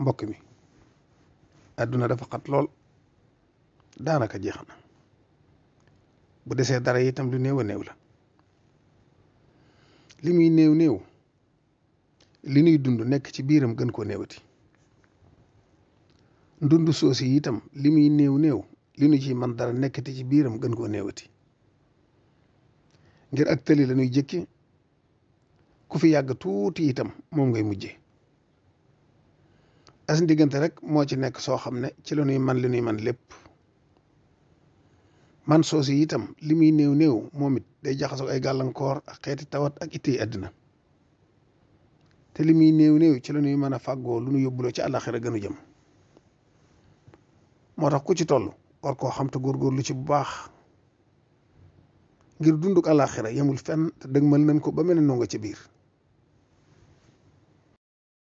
mbokk mi àdduna dafa lool daanaka jeex na bu desee dara itam lu néew a néew la li muy néew néew li nuy dund nekk ci biiram gën koo néewati ndund soosi itam li muy néew néew li ci man dara nekkati ci biiram gën koo néewati ngir ak tëli la ñuy jëkki ku fi yàgg tuuti itam moom ngay mujjee as diggante rek moo ci nekk soo xam ne ci la ñuy man li ñuy man lépp man soosi itam li muy néew néew moom it day jaxasoo ay gàllankoor ak xeeti tawat ak ittey àddina te li muy néew néew ci la ñuy mën a fàggoo lu nu yóbbuloo ci àllaxira gënu jëm moo tax ku ci toll war koo góor góor lu ci bu baax ngir dunduk àllaxira yemul fenn te dëgmal nañ ko ba mel ne noo nga ci biir